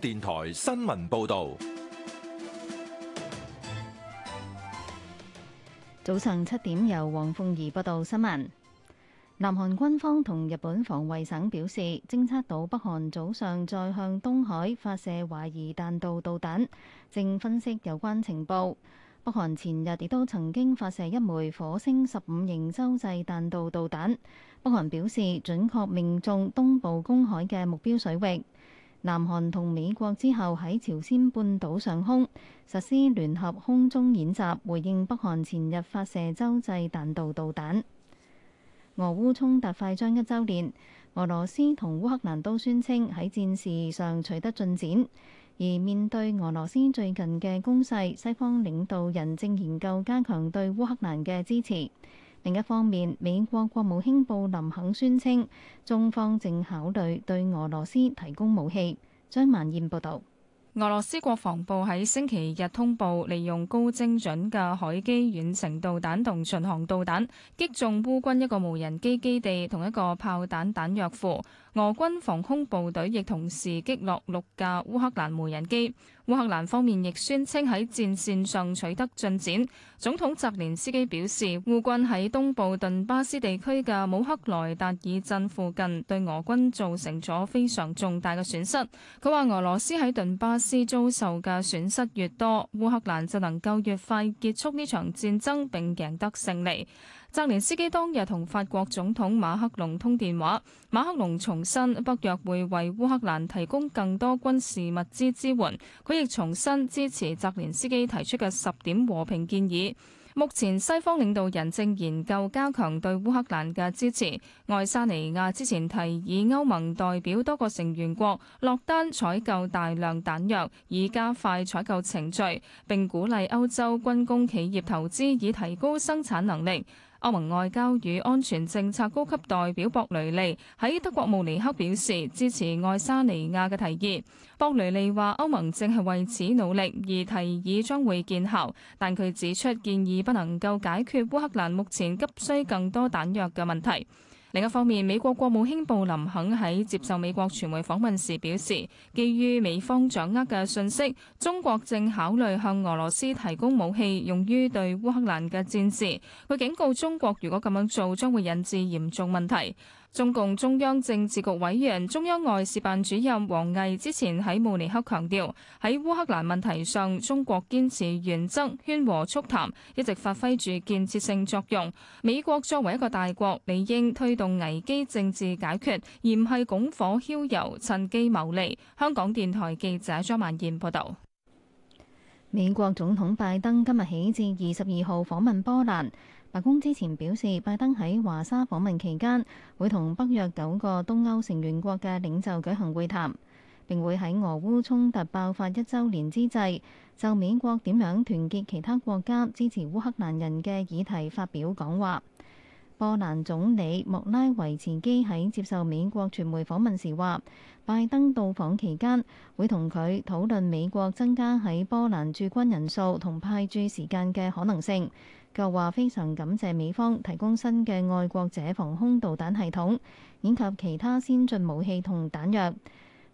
電台新聞報道，早晨七點，由黃鳳儀報道新聞。南韓軍方同日本防衛省表示，偵測到北韓早上再向東海發射懷疑彈道導彈，正分析有關情報。北韓前日亦都曾經發射一枚火星十五型洲際彈道導彈。北韓表示準確命中東部公海嘅目標水域。南韓同美國之後喺朝鮮半島上空實施聯合空中演習，回應北韓前日發射洲際彈道導彈。俄烏衝突快將一週年，俄羅斯同烏克蘭都宣稱喺戰事上取得進展，而面對俄羅斯最近嘅攻勢，西方領導人正研究加強對烏克蘭嘅支持。另一方面，美國國務卿布林肯宣稱，中方正考慮對俄羅斯提供武器。張曼燕報導，俄羅斯國防部喺星期日通報，利用高精準嘅海基遠程導彈同巡航導彈，擊中烏軍一個無人機基地同一個炮彈彈藥庫。俄軍防空部隊亦同時擊落六架烏克蘭無人機。烏克蘭方面亦宣稱喺戰線上取得進展。總統澤連斯基表示，烏軍喺東部頓巴斯地區嘅姆克萊達爾鎮附近對俄軍造成咗非常重大嘅損失。佢話：俄羅斯喺頓巴斯遭受嘅損失越多，烏克蘭就能夠越快結束呢場戰爭，並贏得勝利。澤連斯基當日同法國總統馬克龍通電話，馬克龍從新北約會為烏克蘭提供更多軍事物資支援，佢亦重申支持澤連斯基提出嘅十點和平建議。目前西方領導人正研究加強對烏克蘭嘅支持。愛沙尼亞之前提議歐盟代表多個成員國落單採購大量彈藥，以加快採購程序，並鼓勵歐洲軍工企業投資以提高生產能力。歐盟外交與安全政策高級代表博雷利喺德國慕尼克表示，支持愛沙尼亞嘅提議。博雷利話歐盟正係為此努力，而提議將會見效，但佢指出建議不能夠解決烏克蘭目前急需更多彈藥嘅問題。另一方面，美國國務卿布林肯喺接受美國傳媒訪問時表示，基於美方掌握嘅信息，中國正考慮向俄羅斯提供武器，用於對烏克蘭嘅戰事。佢警告中國，如果咁樣做，將會引致嚴重問題。中共中央政治局委員、中央外事辦主任王毅之前喺慕尼黑強調，喺烏克蘭問題上，中國堅持原則、勸和促談，一直發揮住建設性作用。美國作為一個大國，理應推動危機政治解決，而唔係拱火澆油、趁機謀利。香港電台記者張曼燕報道。美國總統拜登今日起至二十二號訪問波蘭。白宮之前表示，拜登喺華沙訪問期間，會同北約九個東歐成員國嘅領袖舉行會談，並會喺俄烏衝突突爆發一周年之際，就美國點樣團結其他國家支持烏克蘭人嘅議題發表講話。波蘭總理莫拉維茨基喺接受美國傳媒訪問時話，拜登到訪期間會同佢討論美國增加喺波蘭駐軍人數同派駐時間嘅可能性。佢話非常感謝美方提供新嘅愛國者防空導彈系統，以及其他先進武器同彈藥。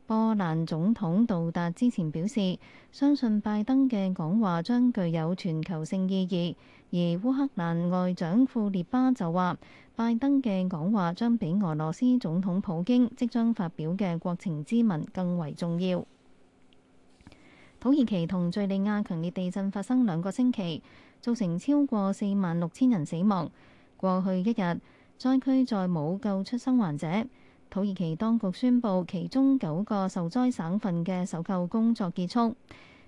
波蘭總統到達之前表示，相信拜登嘅講話將具有全球性意義。而烏克蘭外長庫列巴就話，拜登嘅講話將比俄羅斯總統普京即將發表嘅國情咨文更為重要。土耳其同敘利亞強烈地震發生兩個星期，造成超過四萬六千人死亡。過去一日，災區再冇救出生還者。土耳其當局宣布，其中九個受災省份嘅搜救工作結束。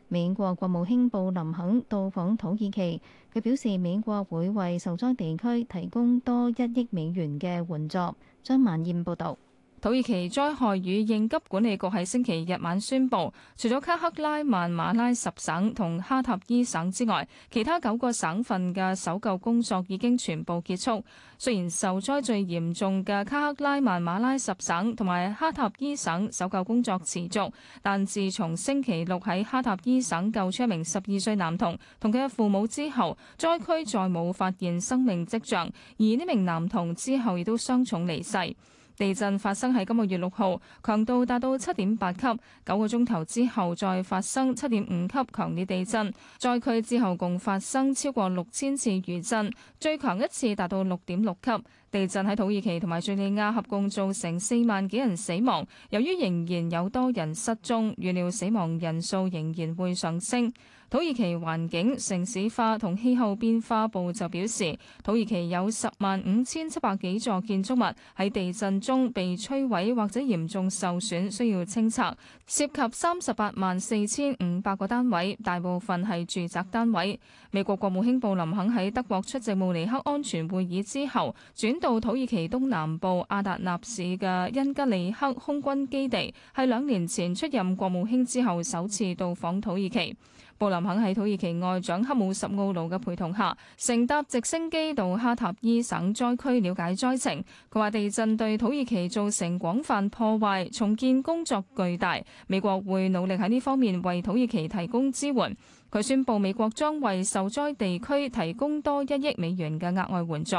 美國國務卿布林肯到訪土耳其，佢表示美國會為受災地區提供多一億美元嘅援助。張萬燕報道。土耳其災害與應急管理局喺星期日晚宣布，除咗卡赫拉曼馬拉什省同哈塔伊省之外，其他九個省份嘅搜救工作已經全部結束。雖然受災最嚴重嘅卡赫拉曼馬拉什省同埋哈塔伊省搜救工作持續，但自從星期六喺哈塔伊省救出一名十二歲男童同佢嘅父母之後，災區再冇發現生命跡象，而呢名男童之後亦都傷重離世。地震發生喺今個月六號，強度達到七點八級。九個鐘頭之後再發生七點五級強烈地震，在佢之後共發生超過六千次餘震，最強一次達到六點六級。地震喺土耳其同埋敘利亞合共造成四萬幾人死亡，由於仍然有多人失蹤，預料死亡人數仍然會上升。土耳其環境、城市化同氣候變化部就表示，土耳其有十萬五千七百幾座建築物喺地震中被摧毀或者嚴重受損，需要清拆，涉及三十八萬四千五百個單位，大部分係住宅單位。美國國務卿布林肯喺德國出席慕尼克安全會議之後，轉到土耳其東南部阿達納市嘅恩吉利克空軍基地，係兩年前出任國務卿之後首次到訪土耳其。布林肯喺土耳其外長黑姆什奧盧嘅陪同下，乘搭直升機到哈塔伊省災區了解災情。佢話地震對土耳其造成廣泛破壞，重建工作巨大。美國會努力喺呢方面為土耳其提供支援。佢宣布美國將為受災地區提供多一億美元嘅額外援助。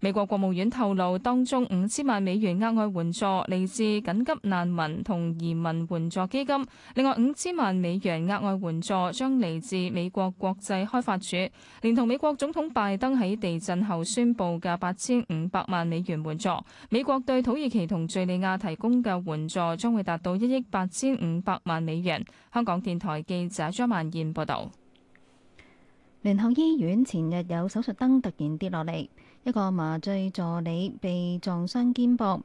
美國國務院透露，當中五千萬美元額外援助嚟自緊急難民同移民援助基金，另外五千萬美元額外援助將嚟自美國國際開發署，連同美國總統拜登喺地震後宣布嘅八千五百萬美元援助。美國對土耳其同敘利亞提供嘅援助將會達到一億八千五百萬美元。香港電台記者張曼燕報導。聯合醫院前日有手術燈突然跌落嚟，一個麻醉助理被撞傷肩膊。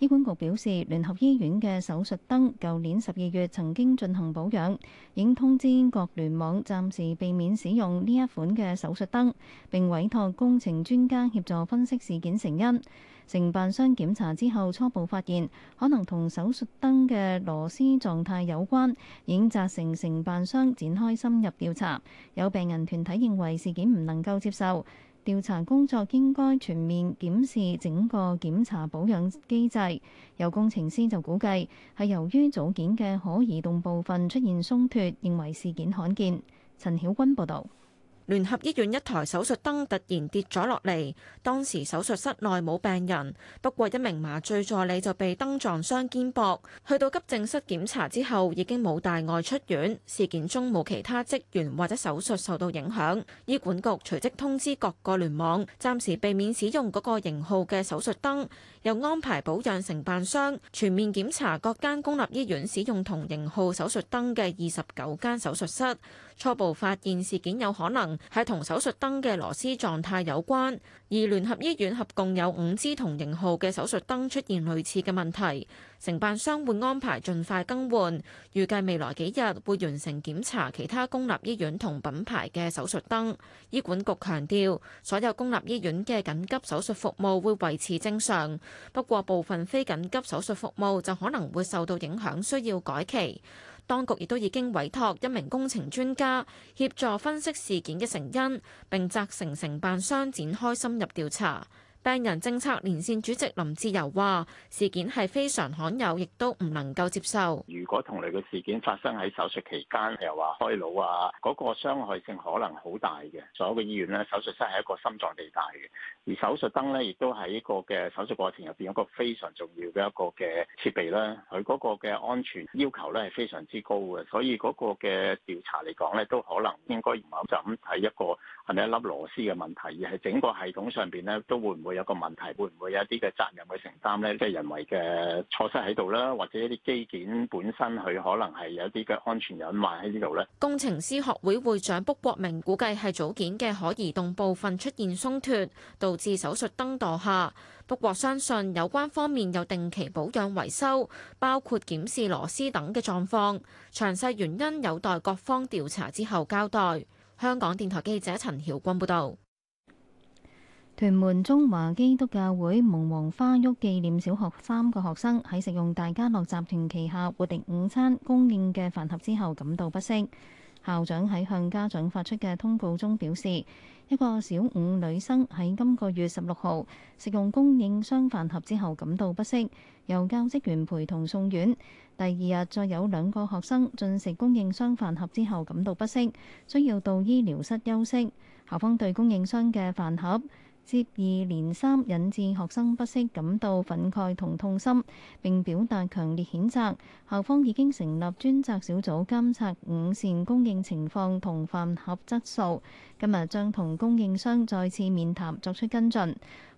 醫管局表示，聯合醫院嘅手術燈舊年十二月曾經進行保養，已經通知各聯網暫時避免使用呢一款嘅手術燈，並委託工程專家協助分析事件成因。承辦商檢查之後初步發現，可能同手術燈嘅螺絲狀態有關，已經責成承辦商展開深入調查。有病人團體認為事件唔能夠接受。調查工作應該全面檢視整個檢查保養機制。有工程師就估計，係由於組件嘅可移動部分出現鬆脱，認為事件罕見。陳曉君報導。聯合醫院一台手術燈突然跌咗落嚟，當時手術室內冇病人，不過一名麻醉助理就被燈撞傷肩膊。去到急症室檢查之後，已經冇大礙出院。事件中冇其他職員或者手術受到影響。醫管局隨即通知各個聯網，暫時避免使用嗰個型號嘅手術燈，又安排保養承辦商全面檢查各間公立醫院使用同型號手術燈嘅二十九間手術室。初步發現事件有可能係同手術燈嘅螺絲狀態有關，而聯合醫院合共有五支同型號嘅手術燈出現類似嘅問題。承辦商會安排盡快更換，預計未來幾日會完成檢查其他公立醫院同品牌嘅手術燈。醫管局強調，所有公立醫院嘅緊急手術服務會維持正常，不過部分非緊急手術服務就可能會受到影響，需要改期。當局亦都已經委託一名工程專家協助分析事件嘅成因，並責成承辦商展開深入調查。病人政策連線主席林志柔話，事件係非常罕有，亦都唔能夠接受。如果同類嘅事件發生喺手術期間，又話開腦啊，嗰個傷害性可能好大嘅。所有嘅醫院呢，手術室係一個心臟地帶嘅。而手術燈呢，亦都喺呢個嘅手術過程入邊，一個非常重要嘅一個嘅設備啦。佢嗰個嘅安全要求咧，係非常之高嘅。所以嗰個嘅調查嚟講咧，都可能應該唔係就咁睇一個係咪一粒螺絲嘅問題，而係整個系統上邊咧，都會唔會有個問題，會唔會有一啲嘅責任去承擔咧？即係人為嘅錯失喺度啦，或者一啲機件本身佢可能係有一啲嘅安全隱患喺呢度咧。工程師學會會長卜國明估計係組件嘅可移動部分出現鬆脱。導致手術燈墮下，不過相信有關方面有定期保養維修，包括檢視螺絲等嘅狀況。詳細原因有待各方調查之後交代。香港電台記者陳曉君報道。屯門中華基督教會蒙黃花屋紀念小學三個學生喺食用大家樂集團旗下活力午餐供應嘅飯盒之後感，感到不適。校長喺向家長發出嘅通告中表示，一個小五女生喺今個月十六號食用供應商飯盒之後感到不適，由教職員陪同送院。第二日再有兩個學生進食供應商飯盒之後感到不適，需要到醫療室休息。校方對供應商嘅飯盒接二連三引致學生不適，感到憤慨同痛心，並表達強烈譴責。校方已經成立專責小組監察午膳供應情況同飯盒質素，今日將同供應商再次面談作出跟進。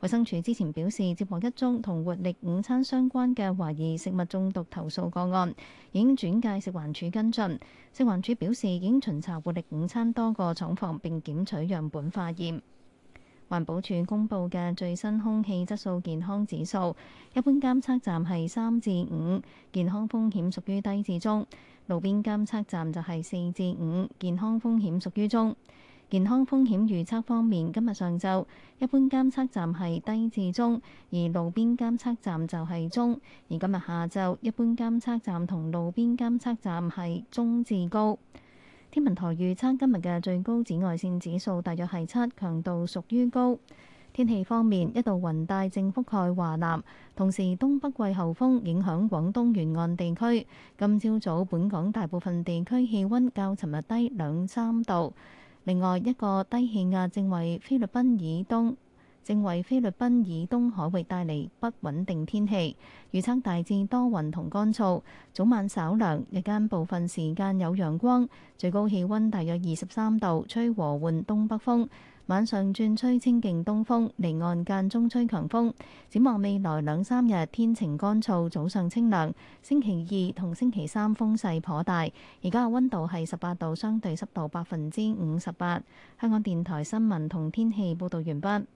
衞生署之前表示，接獲一宗同活力午餐相關嘅懷疑食物中毒投訴個案，已經轉介食環署跟進。食環署表示，已經巡查活力午餐多個廠房並檢取樣本化驗。環保署公布嘅最新空氣質素健康指數，一般監測站係三至五，健康風險屬於低至中；路邊監測站就係四至五，健康風險屬於中。健康風險預測方面，今日上晝一般監測站係低至中，而路邊監測站就係中；而今日下晝一般監測站同路邊監測站係中至高。天文台預測今日嘅最高紫外線指數大約係七，強度屬於高。天氣方面，一道雲帶正覆蓋華南，同時東北季候風影響廣東沿岸地區。今朝早本港大部分地區氣温較尋日低兩三度。另外一個低氣壓正為菲律賓以東正為菲律賓以東海域帶嚟不穩定天氣預測大致多雲同乾燥，早晚稍涼，日間部分時間有陽光，最高氣溫大約二十三度，吹和緩東北風，晚上轉吹清勁東風，離岸間中吹強風。展望未來兩三日天晴乾燥，早上清涼。星期二同星期三風勢頗大。而家嘅溫度係十八度，相對濕度百分之五十八。香港電台新聞同天氣報道完畢。